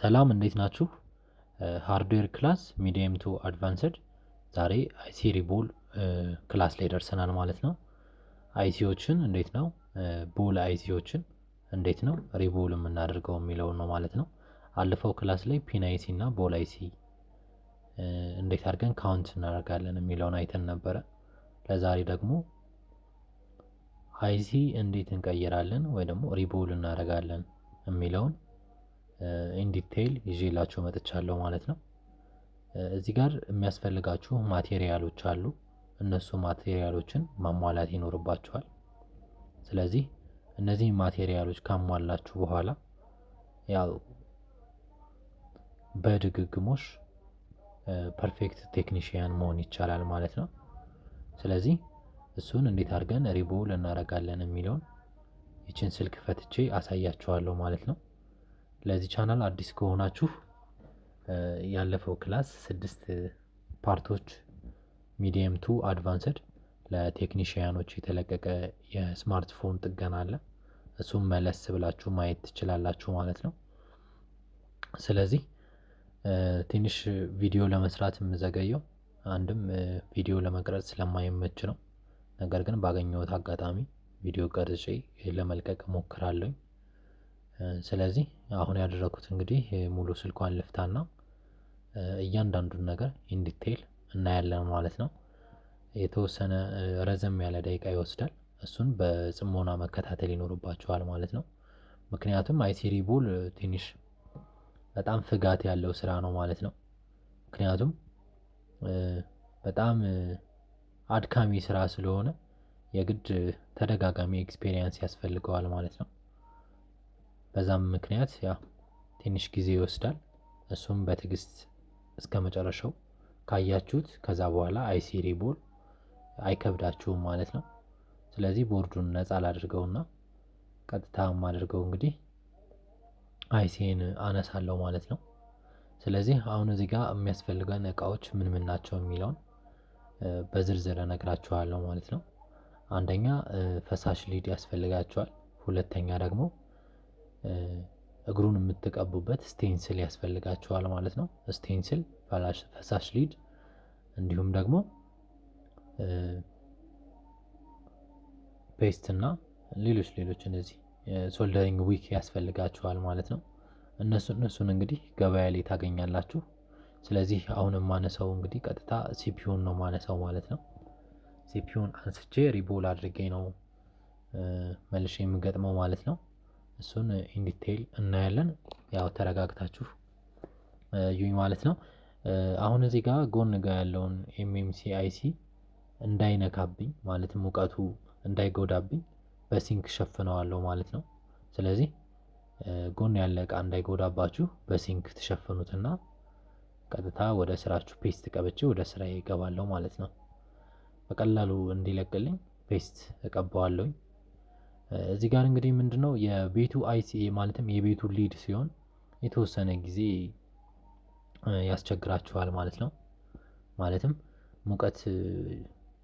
ሰላም እንዴት ናችሁ? ሃርድዌር ክላስ ሚዲየም ቱ አድቫንስድ ዛሬ አይሲ ሪቦል ክላስ ላይ ደርሰናል ማለት ነው። አይሲዎችን እንዴት ነው ቦል አይሲዎችን እንዴት ነው ሪቦል የምናደርገው የሚለውን ነው ማለት ነው። አለፈው ክላስ ላይ ፒን አይሲ እና ቦል አይሲ እንዴት አድርገን ካውንት እናደርጋለን የሚለውን አይተን ነበረ። ለዛሬ ደግሞ አይሲ እንዴት እንቀይራለን ወይ ደግሞ ሪቦል እናደርጋለን የሚለውን ኢንዲቴይል ዲቴይል ይዤላችሁ መጥቻለሁ ማለት ነው። እዚህ ጋር የሚያስፈልጋችሁ ማቴሪያሎች አሉ። እነሱ ማቴሪያሎችን ማሟላት ይኖርባችኋል። ስለዚህ እነዚህ ማቴሪያሎች ካሟላችሁ በኋላ ያው በድግግሞሽ ፐርፌክት ቴክኒሽያን መሆን ይቻላል ማለት ነው። ስለዚህ እሱን እንዴት አድርገን ሪቦ እናደርጋለን የሚለውን ይችን ስልክ ፈትቼ አሳያችኋለሁ ማለት ነው። ለዚህ ቻናል አዲስ ከሆናችሁ ያለፈው ክላስ ስድስት ፓርቶች ሚዲየም ቱ አድቫንስድ ለቴክኒሽያኖች የተለቀቀ የስማርትፎን ጥገና አለ። እሱም መለስ ብላችሁ ማየት ትችላላችሁ ማለት ነው። ስለዚህ ትንሽ ቪዲዮ ለመስራት የምዘገየው አንድም ቪዲዮ ለመቅረጽ ስለማይመች ነው። ነገር ግን ባገኘሁት አጋጣሚ ቪዲዮ ቀርጬ ለመልቀቅ ሞክራለኝ። ስለዚህ አሁን ያደረኩት እንግዲህ ሙሉ ስልኳን ልፍታና እያንዳንዱን ነገር ኢንዲቴይል እናያለን ማለት ነው። የተወሰነ ረዘም ያለ ደቂቃ ይወስዳል እሱን በጽሞና መከታተል ይኖርባችኋል ማለት ነው። ምክንያቱም አይሲሪ ቦል ትንሽ በጣም ፍጋት ያለው ስራ ነው ማለት ነው። ምክንያቱም በጣም አድካሚ ስራ ስለሆነ የግድ ተደጋጋሚ ኤክስፔሪየንስ ያስፈልገዋል ማለት ነው። በዛም ምክንያት ያ ትንሽ ጊዜ ይወስዳል። እሱም በትዕግስት እስከ መጨረሻው ካያችሁት ከዛ በኋላ አይሲሪ ቦል አይከብዳችሁም ማለት ነው። ስለዚህ ቦርዱን ነፃ ላድርገውና ቀጥታ ማድርገው እንግዲህ አይሲን አነሳለው ማለት ነው። ስለዚህ አሁን እዚህ ጋር የሚያስፈልገን እቃዎች ምን ምን ናቸው የሚለውን በዝርዝር እነግራችኋለሁ ማለት ነው። አንደኛ ፈሳሽ ሊድ ያስፈልጋችኋል። ሁለተኛ ደግሞ እግሩን የምትቀቡበት ስቴንስል ያስፈልጋችኋል ማለት ነው። ስቴንስል፣ ፈሳሽ ሊድ እንዲሁም ደግሞ ፔስት እና ሌሎች ሌሎች እነዚህ ሶልደሪንግ ዊክ ያስፈልጋችኋል ማለት ነው። እነሱ እነሱን እንግዲህ ገበያ ላይ ታገኛላችሁ። ስለዚህ አሁን የማነሳው እንግዲህ ቀጥታ ሲፒዩን ነው ማነሳው ማለት ነው። ሲፒዩን አንስቼ ሪቦል አድርጌ ነው መልሼ የምገጥመው ማለት ነው። እሱን ኢንዲቴይል እናያለን። ያው ተረጋግታችሁ ዩኝ ማለት ነው። አሁን እዚህ ጋር ጎን ጋር ያለውን ኤምኤምሲ አይሲ እንዳይነካብኝ ማለትም ሙቀቱ እንዳይጎዳብኝ በሲንክ ሸፍነዋለሁ ማለት ነው። ስለዚህ ጎን ያለ እቃ እንዳይጎዳባችሁ በሲንክ ትሸፍኑትና ቀጥታ ወደ ስራችሁ ፔስት ቀብቼ ወደ ስራ ይገባለሁ ማለት ነው። በቀላሉ እንዲለቅልኝ ፔስት እቀባዋለሁኝ። እዚህ ጋር እንግዲህ ምንድነው የቤቱ አይሲኤ ማለትም የቤቱ ሊድ ሲሆን የተወሰነ ጊዜ ያስቸግራችኋል ማለት ነው። ማለትም ሙቀት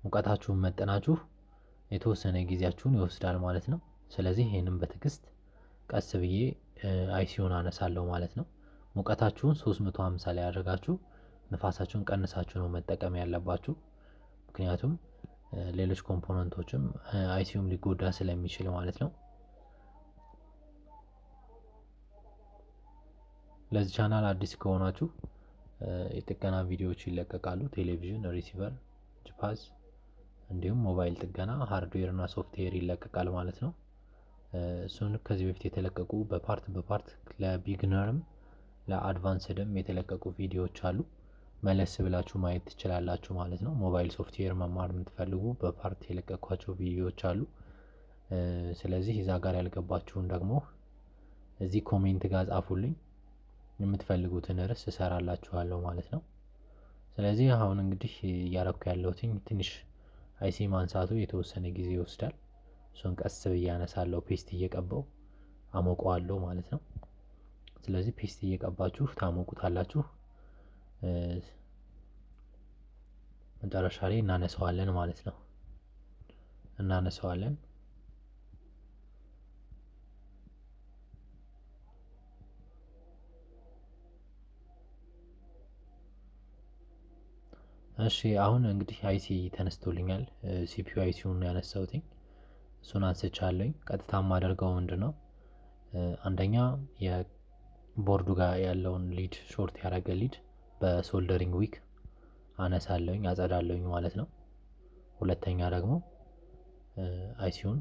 ሙቀታችሁን መጠናችሁ የተወሰነ ጊዜያችሁን ይወስዳል ማለት ነው። ስለዚህ ይህንም በትዕግስት ቀስ ብዬ አይሲዮን አነሳለሁ ማለት ነው። ሙቀታችሁን 350 ላይ አድርጋችሁ ንፋሳችሁን ቀንሳችሁ ነው መጠቀም ያለባችሁ ምክንያቱም ሌሎች ኮምፖነንቶችም አይሲዩም ሊጎዳ ስለሚችል ማለት ነው። ለዚህ ቻናል አዲስ ከሆናችሁ የጥገና ቪዲዮዎች ይለቀቃሉ። ቴሌቪዥን፣ ሪሲቨር፣ ጅፓዝ እንዲሁም ሞባይል ጥገና ሃርድዌር እና ሶፍትዌር ይለቀቃል ማለት ነው። እሱን ከዚህ በፊት የተለቀቁ በፓርት በፓርት ለቢግነርም ለአድቫንስድም የተለቀቁ ቪዲዮዎች አሉ። መለስ ብላችሁ ማየት ትችላላችሁ ማለት ነው። ሞባይል ሶፍትዌር መማር የምትፈልጉ በፓርት የለቀኳቸው ቪዲዮዎች አሉ። ስለዚህ እዛ ጋር ያልገባችሁን ደግሞ እዚህ ኮሜንት ጋር ጻፉልኝ፣ የምትፈልጉትን ርዕስ እሰራላችኋለሁ ማለት ነው። ስለዚህ አሁን እንግዲህ እያረኩ ያለሁትኝ ትንሽ አይሲ ማንሳቱ የተወሰነ ጊዜ ይወስዳል። እሱን ቀስ ብዬ አነሳለሁ፣ ፔስት እየቀባው አሞቀዋለሁ ማለት ነው። ስለዚህ ፔስት እየቀባችሁ ታሞቁታላችሁ። መጨረሻ ላይ እናነሰዋለን ማለት ነው። እናነሰዋለን እሺ አሁን እንግዲህ አይሲ ተነስቶልኛል። ሲፒዩ አይሲውን ያነሳውትኝ እሱን አንስቻለኝ። ቀጥታ ማደርገው ምንድ ነው አንደኛ የቦርዱ ጋር ያለውን ሊድ ሾርት ያደረገ ሊድ በሶልደሪንግ ዊክ አነሳለሁኝ አጸዳለኝ ማለት ነው። ሁለተኛ ደግሞ አይሲዩን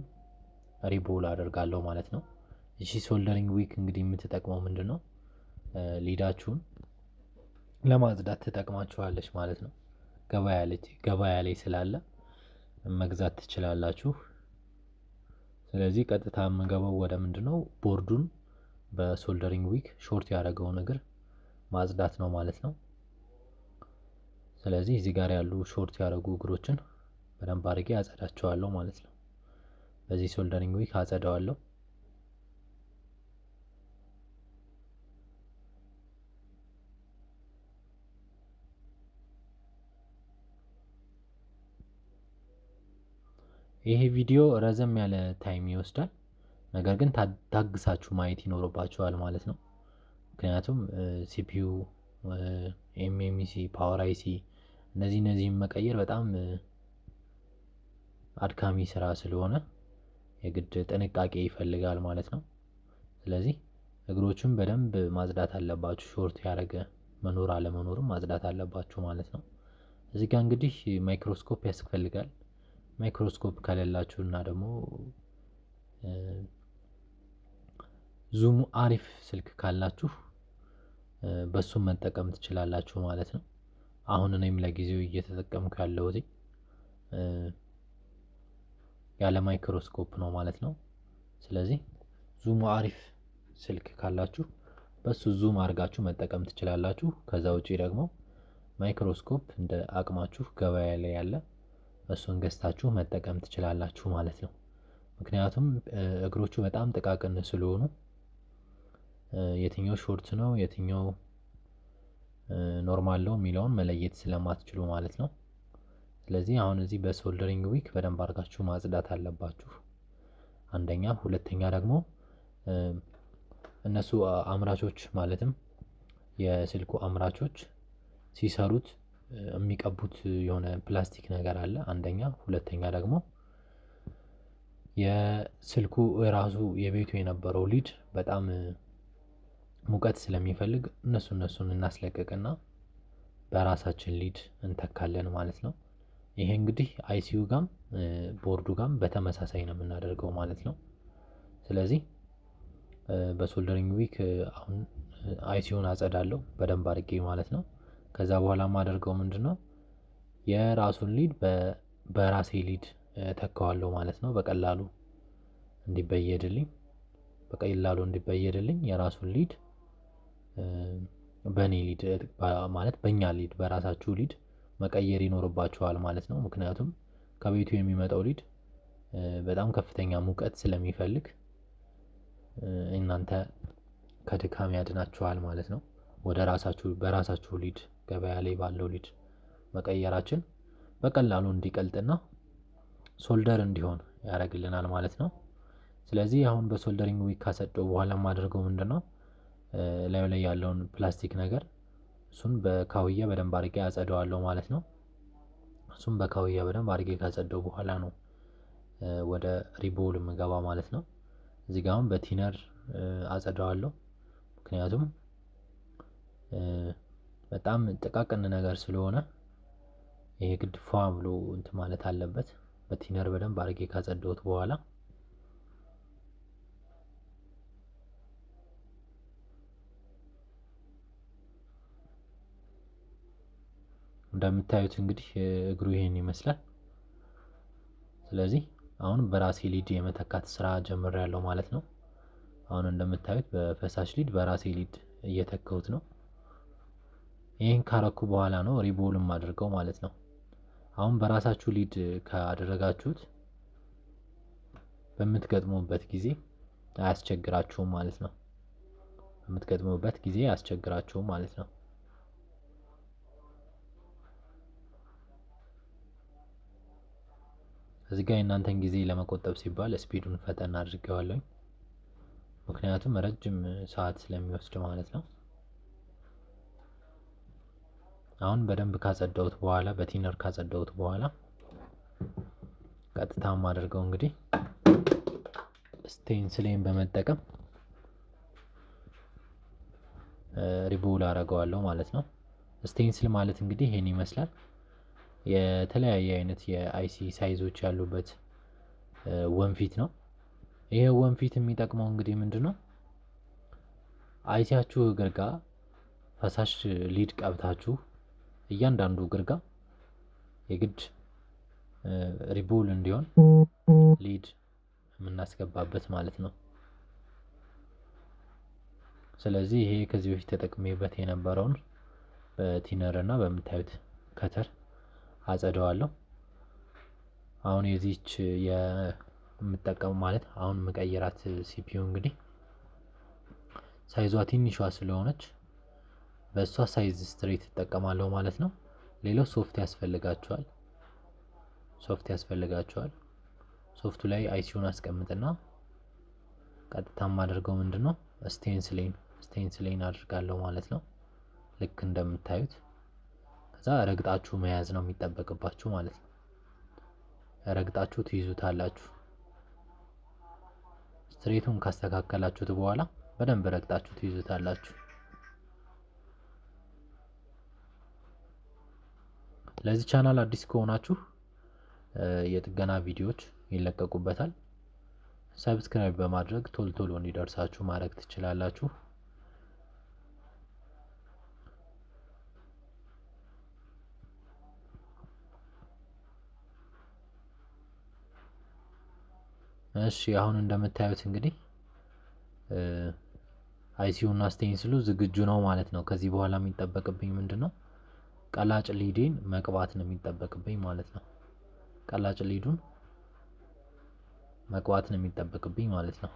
ሪቦል አደርጋለሁ ማለት ነው። እሺ ሶልደሪንግ ዊክ እንግዲህ የምትጠቅመው ምንድን ነው? ሊዳችሁን ለማጽዳት ትጠቅማችኋለች ማለት ነው። ገበያ ላይ ስላለ መግዛት ትችላላችሁ። ስለዚህ ቀጥታ የምገባው ወደ ምንድ ነው ቦርዱን በሶልደሪንግ ዊክ ሾርት ያደረገውን እግር ማጽዳት ነው ማለት ነው። ስለዚህ እዚህ ጋር ያሉ ሾርት ያደረጉ እግሮችን በደንብ አድርጌ አጸዳቸዋለሁ ማለት ነው። በዚህ ሶልደሪንግ ዊክ አጸደዋለሁ። ይሄ ቪዲዮ ረዘም ያለ ታይም ይወስዳል። ነገር ግን ታግሳችሁ ማየት ይኖርባችኋል ማለት ነው። ምክንያቱም ሲፒዩ ኤምኤምሲ ፓወር አይሲ እነዚህ እነዚህን መቀየር በጣም አድካሚ ስራ ስለሆነ የግድ ጥንቃቄ ይፈልጋል ማለት ነው። ስለዚህ እግሮቹን በደንብ ማጽዳት አለባችሁ። ሾርት ያደረገ መኖር አለመኖርም ማጽዳት አለባችሁ ማለት ነው። እዚህ ጋር እንግዲህ ማይክሮስኮፕ ያስፈልጋል። ማይክሮስኮፕ ከሌላችሁ እና ደግሞ ዙሙ አሪፍ ስልክ ካላችሁ በሱም መጠቀም ትችላላችሁ ማለት ነው። አሁን እኔም ለጊዜው እየተጠቀምኩ ያለሁት ያለ ማይክሮስኮፕ ነው ማለት ነው። ስለዚህ ዙሙ አሪፍ ስልክ ካላችሁ በሱ ዙም አድርጋችሁ መጠቀም ትችላላችሁ። ከዛ ውጪ ደግሞ ማይክሮስኮፕ እንደ አቅማችሁ ገበያ ላይ ያለ እሱን ገዝታችሁ መጠቀም ትችላላችሁ ማለት ነው። ምክንያቱም እግሮቹ በጣም ጥቃቅን ስለሆኑ የትኛው ሾርት ነው የትኛው ኖርማል ነው የሚለውን መለየት ስለማትችሉ ማለት ነው። ስለዚህ አሁን እዚህ በሶልደሪንግ ዊክ በደንብ አድርጋችሁ ማጽዳት አለባችሁ። አንደኛ፣ ሁለተኛ ደግሞ እነሱ አምራቾች ማለትም የስልኩ አምራቾች ሲሰሩት የሚቀቡት የሆነ ፕላስቲክ ነገር አለ። አንደኛ፣ ሁለተኛ ደግሞ የስልኩ ራሱ የቤቱ የነበረው ሊድ በጣም ሙቀት ስለሚፈልግ እነሱ እነሱን እናስለቅቅና በራሳችን ሊድ እንተካለን ማለት ነው። ይሄ እንግዲህ አይሲዩ ጋም ቦርዱ ጋም በተመሳሳይ ነው የምናደርገው ማለት ነው። ስለዚህ በሶልደሪንግ ዊክ አሁን አይሲዩን አጸዳለሁ በደንብ አድርጌ ማለት ነው። ከዛ በኋላ የማደርገው ምንድን ነው የራሱን ሊድ በራሴ ሊድ ተካዋለሁ ማለት ነው። በቀላሉ እንዲበየድልኝ በቀላሉ እንዲበየድልኝ የራሱን ሊድ በእኔ ሊድ ማለት በእኛ ሊድ በራሳችሁ ሊድ መቀየር ይኖርባችኋል ማለት ነው። ምክንያቱም ከቤቱ የሚመጣው ሊድ በጣም ከፍተኛ ሙቀት ስለሚፈልግ እናንተ ከድካም ያድናችኋል ማለት ነው። ወደ ራሳችሁ በራሳችሁ ሊድ ገበያ ላይ ባለው ሊድ መቀየራችን በቀላሉ እንዲቀልጥና ሶልደር እንዲሆን ያደርግልናል ማለት ነው። ስለዚህ አሁን በሶልደሪንግ ዊክ ካሰጠው በኋላ የማደርገው ምንድነው ላዩ ላይ ያለውን ፕላስቲክ ነገር እሱን በካውያ በደንብ አድርጌ አጸደዋለሁ ማለት ነው። እሱም በካውያ በደንብ አድርጌ ካጸደው በኋላ ነው ወደ ሪቦል የምገባ ማለት ነው። እዚህ ጋር አሁን በቲነር አጸደዋለሁ ምክንያቱም በጣም ጥቃቅን ነገር ስለሆነ ይሄ ግድ ፏ ብሎ እንትን ማለት አለበት። በቲነር በደንብ አድርጌ ካጸደውት በኋላ እንደምታዩት እንግዲህ እግሩ ይሄን ይመስላል። ስለዚህ አሁን በራሴ ሊድ የመተካት ስራ ጀምሬያለሁ ማለት ነው። አሁን እንደምታዩት በፈሳሽ ሊድ በራሴ ሊድ እየተከሁት ነው። ይህን ካረኩ በኋላ ነው ሪቦልም አድርገው ማለት ነው። አሁን በራሳችሁ ሊድ ካደረጋችሁት በምትገጥሙበት ጊዜ አያስቸግራችሁም ማለት ነው። በምትገጥሙበት ጊዜ አያስቸግራችሁም ማለት ነው። እዚህ ጋር የእናንተን ጊዜ ለመቆጠብ ሲባል ስፒዱን ፈጠን አድርጌዋለሁኝ። ምክንያቱም ረጅም ሰዓት ስለሚወስድ ማለት ነው። አሁን በደንብ ካጸዳሁት በኋላ በቲነር ካጸዳሁት በኋላ ቀጥታ አድርገው እንግዲህ ስቴንስሌን በመጠቀም ሪቦል አደርገዋለሁ ማለት ነው። ስቴንስል ማለት እንግዲህ ይሄን ይመስላል። የተለያየ አይነት የአይሲ ሳይዞች ያሉበት ወንፊት ነው። ይሄ ወንፊት የሚጠቅመው እንግዲህ ነው? አይሲያችሁ እግር ፈሳሽ ሊድ ቀብታችሁ እያንዳንዱ እግር የግድ ሪቦል እንዲሆን ሊድ የምናስገባበት ማለት ነው። ስለዚህ ይሄ ከዚህ በፊት ተጠቅሜበት የነበረውን በቲነር እና በምታዩት ከተር አጸደዋለሁ። አሁን የዚች የምጠቀሙ ማለት አሁን የምቀይራት ሲፒዩ እንግዲህ ሳይዟ ትንሿ ስለሆነች በእሷ ሳይዝ ስትሬት ትጠቀማለሁ ማለት ነው። ሌላው ሶፍት ያስፈልጋቸዋል። ሶፍት ያስፈልጋቸዋል። ሶፍቱ ላይ አይሲዩን አስቀምጥና ቀጥታ የማደርገው ምንድን ነው ስቴንስሌን ስቴንስሌን አድርጋለሁ ማለት ነው ልክ እንደምታዩት ከዛ ረግጣችሁ መያዝ ነው የሚጠበቅባችሁ ማለት ነው። ረግጣችሁ ትይዙታላችሁ። ስትሬቱን ካስተካከላችሁት በኋላ በደንብ ረግጣችሁ ትይዙታላችሁ። ለዚህ ቻናል አዲስ ከሆናችሁ የጥገና ቪዲዮዎች ይለቀቁበታል። ሰብስክራይብ በማድረግ ቶሎ ቶሎ እንዲደርሳችሁ ማድረግ ትችላላችሁ። እሺ አሁን እንደምታዩት እንግዲህ አይሲዩ እና ስቴንስሉ ዝግጁ ነው ማለት ነው። ከዚህ በኋላ የሚጠበቅብኝ ምንድን ነው? ቀላጭ ሊዴን መቅባት ነው የሚጠበቅብኝ ማለት ነው። ቀላጭ ሊዱን መቅባት ነው የሚጠበቅብኝ ማለት ነው።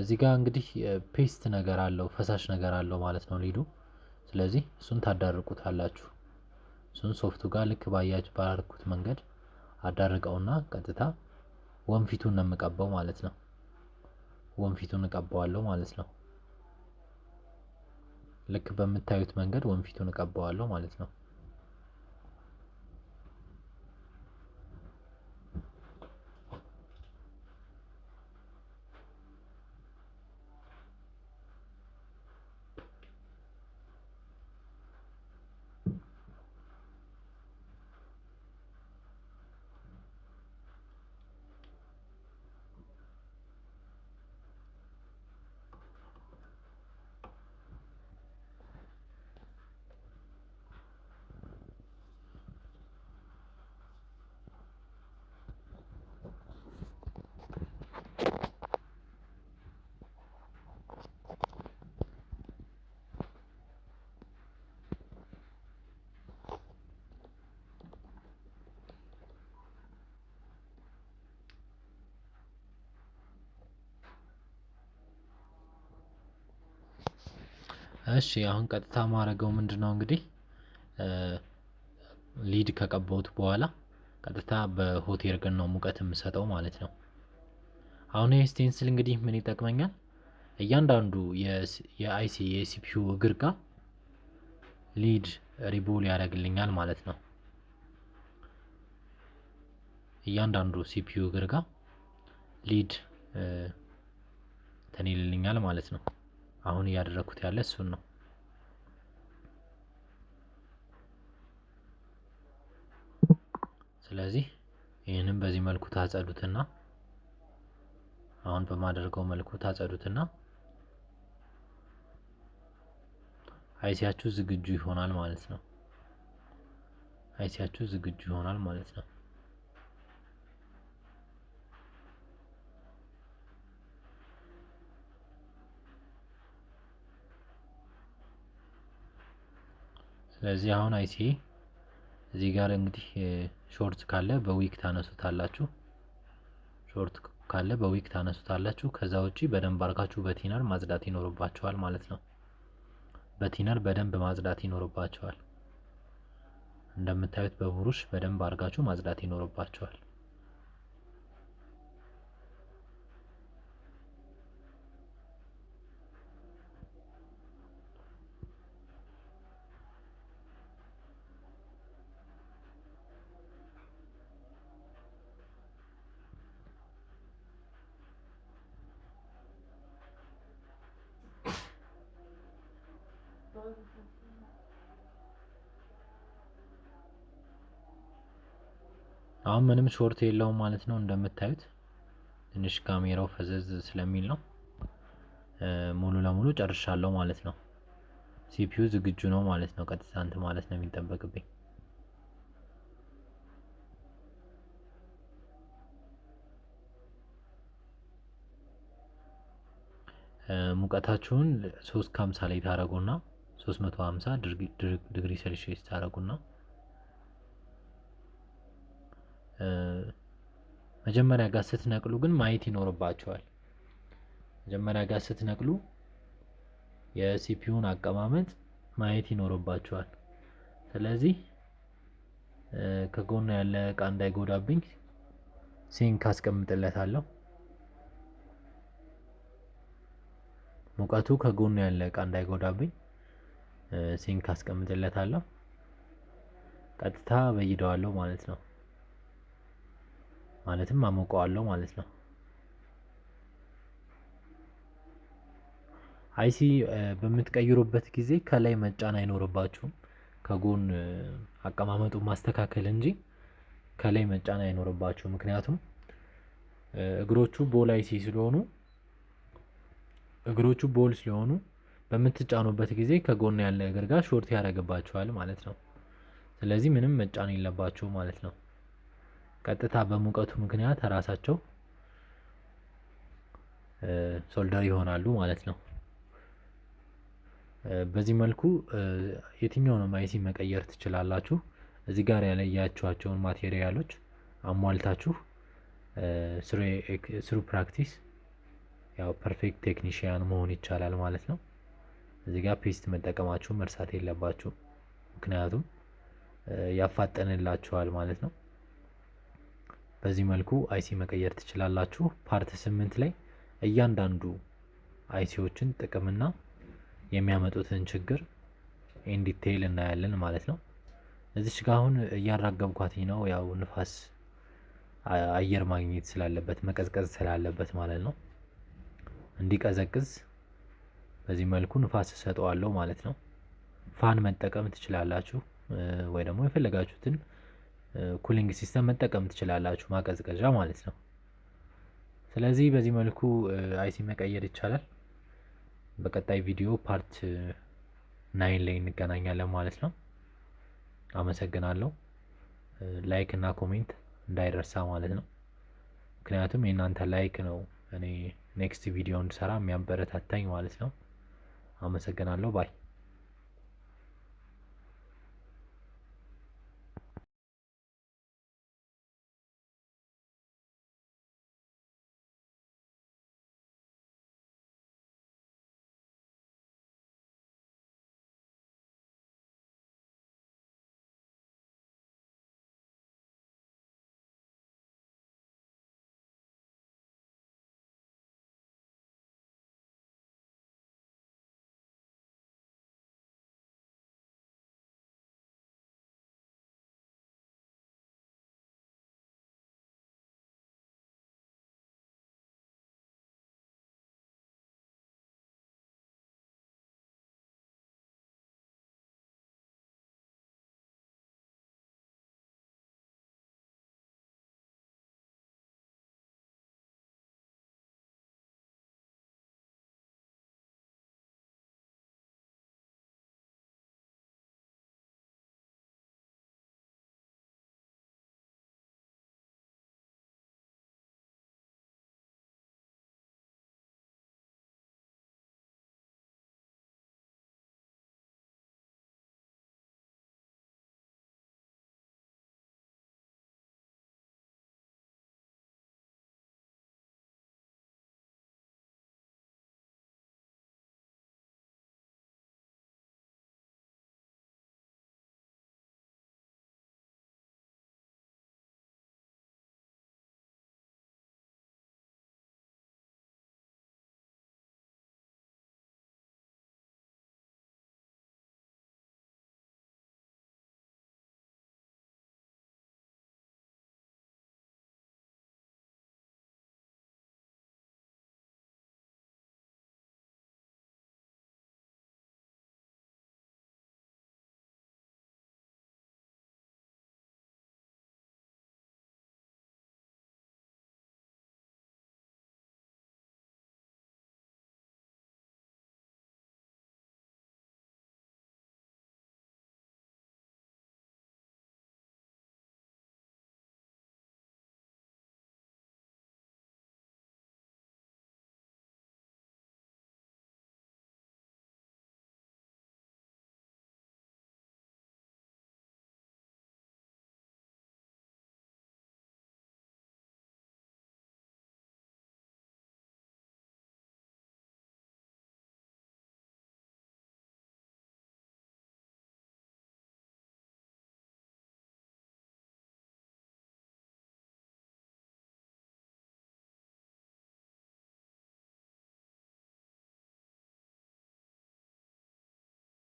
እዚህ ጋር እንግዲህ ፔስት ነገር አለው ፈሳሽ ነገር አለው ማለት ነው ሊዱ። ስለዚህ እሱን ታዳርቁታላችሁ። እሱን ሶፍቱ ጋር ልክ ባያችሁ ባላርኩት መንገድ አዳርቀውና ቀጥታ ወንፊቱን ነው የምቀባው ማለት ነው። ወንፊቱን እቀባዋለሁ ማለት ነው። ልክ በምታዩት መንገድ ወንፊቱን እቀባዋለሁ ማለት ነው። እሺ አሁን ቀጥታ የማደርገው ምንድነው እንግዲህ ሊድ ከቀባሁት በኋላ ቀጥታ በሆቴር ግን ነው ሙቀት የምሰጠው ማለት ነው። አሁን ይህ ስቴንስል እንግዲህ ምን ይጠቅመኛል? እያንዳንዱ የአይሲ የሲፒዩ እግር ጋር ሊድ ሪቦል ያደርግልኛል ማለት ነው። እያንዳንዱ ሲፒዩ እግር ጋር ሊድ ተኔልልኛል ማለት ነው አሁን እያደረግኩት ያለ እሱን ነው። ስለዚህ ይህንም በዚህ መልኩ ታጸዱትና አሁን በማደርገው መልኩ ታጸዱትና አይሲያችሁ ዝግጁ ይሆናል ማለት ነው። አይሲያችሁ ዝግጁ ይሆናል ማለት ነው። ስለዚህ አሁን አይሲ እዚህ ጋር እንግዲህ ሾርት ካለ በዊክ ታነሱታላችሁ። ሾርት ካለ በዊክ ታነሱታላችሁ። ከዛ ውጪ በደንብ አርጋችሁ በቲነር ማጽዳት ይኖርባችኋል ማለት ነው። በቲነር በደንብ ማጽዳት ይኖርባችኋል። እንደምታዩት በቡሩሽ በደንብ አርጋችሁ ማጽዳት ይኖርባችኋል። አሁን ምንም ሾርት የለውም ማለት ነው። እንደምታዩት ትንሽ ካሜራው ፈዘዝ ስለሚል ነው። ሙሉ ለሙሉ ጨርሻለሁ ማለት ነው። ሲፒዩ ዝግጁ ነው ማለት ነው። ቀጥታ እንትን ማለት ነው የሚጠበቅብኝ። ሙቀታችሁን ሶስት ከሀምሳ ላይ ታደርጉና 350 ዲግሪ ሴልሺየስ ታደረጉና መጀመሪያ ጋር ስትነቅሉ ግን ማየት ይኖርባቸዋል። መጀመሪያ ጋር ስትነቅሉ የሲፒዩን አቀማመጥ ማየት ይኖርባቸዋል። ስለዚህ ከጎን ያለ እቃ እንዳይጎዳብኝ ሲንክ አስቀምጥለታለሁ። ሙቀቱ ከጎን ያለ እቃ እንዳይጎዳብኝ ሲንክ አስቀምጥለታለሁ። ቀጥታ በይደዋለሁ ማለት ነው። ማለትም አሞቀዋለሁ ማለት ነው። አይሲ በምትቀይሩበት ጊዜ ከላይ መጫን አይኖርባችሁም። ከጎን አቀማመጡ ማስተካከል እንጂ ከላይ መጫን አይኖርባችሁ። ምክንያቱም እግሮቹ ቦል አይሲ ስለሆኑ እግሮቹ ቦል ስለሆኑ በምትጫኑበት ጊዜ ከጎን ያለ እግር ጋር ሾርት ያደርግባችኋል ማለት ነው። ስለዚህ ምንም መጫን የለባችሁ ማለት ነው። ቀጥታ በሙቀቱ ምክንያት ራሳቸው ሶልደር ይሆናሉ ማለት ነው። በዚህ መልኩ የትኛውንም አይሲ መቀየር ትችላላችሁ። እዚህ ጋር ያለያችኋቸውን ማቴሪያሎች አሟልታችሁ ስሩ ፕራክቲስ ያው ፐርፌክት ቴክኒሽያን መሆን ይቻላል ማለት ነው። እዚህ ጋር ፔስት መጠቀማችሁ መርሳት የለባችሁ፣ ምክንያቱም ያፋጠንላችኋል ማለት ነው። በዚህ መልኩ አይሲ መቀየር ትችላላችሁ። ፓርት ስምንት ላይ እያንዳንዱ አይሲዎችን ጥቅምና የሚያመጡትን ችግር ኢን ዲቴይል እናያለን ማለት ነው። እዚች ጋ አሁን እያራገብኳት ነው። ያው ንፋስ አየር ማግኘት ስላለበት መቀዝቀዝ ስላለበት ማለት ነው እንዲቀዘቅዝ በዚህ መልኩ ንፋስ እሰጠዋለሁ ማለት ነው። ፋን መጠቀም ትችላላችሁ ወይ ደግሞ የፈለጋችሁትን ኩሊንግ ሲስተም መጠቀም ትችላላችሁ፣ ማቀዝቀዣ ማለት ነው። ስለዚህ በዚህ መልኩ አይሲ መቀየር ይቻላል። በቀጣይ ቪዲዮ ፓርት ናይን ላይ እንገናኛለን ማለት ነው። አመሰግናለሁ። ላይክ እና ኮሜንት እንዳይረሳ ማለት ነው። ምክንያቱም የእናንተ ላይክ ነው እኔ ኔክስት ቪዲዮ እንድሰራ የሚያበረታታኝ ማለት ነው። አመሰግናለሁ ባይ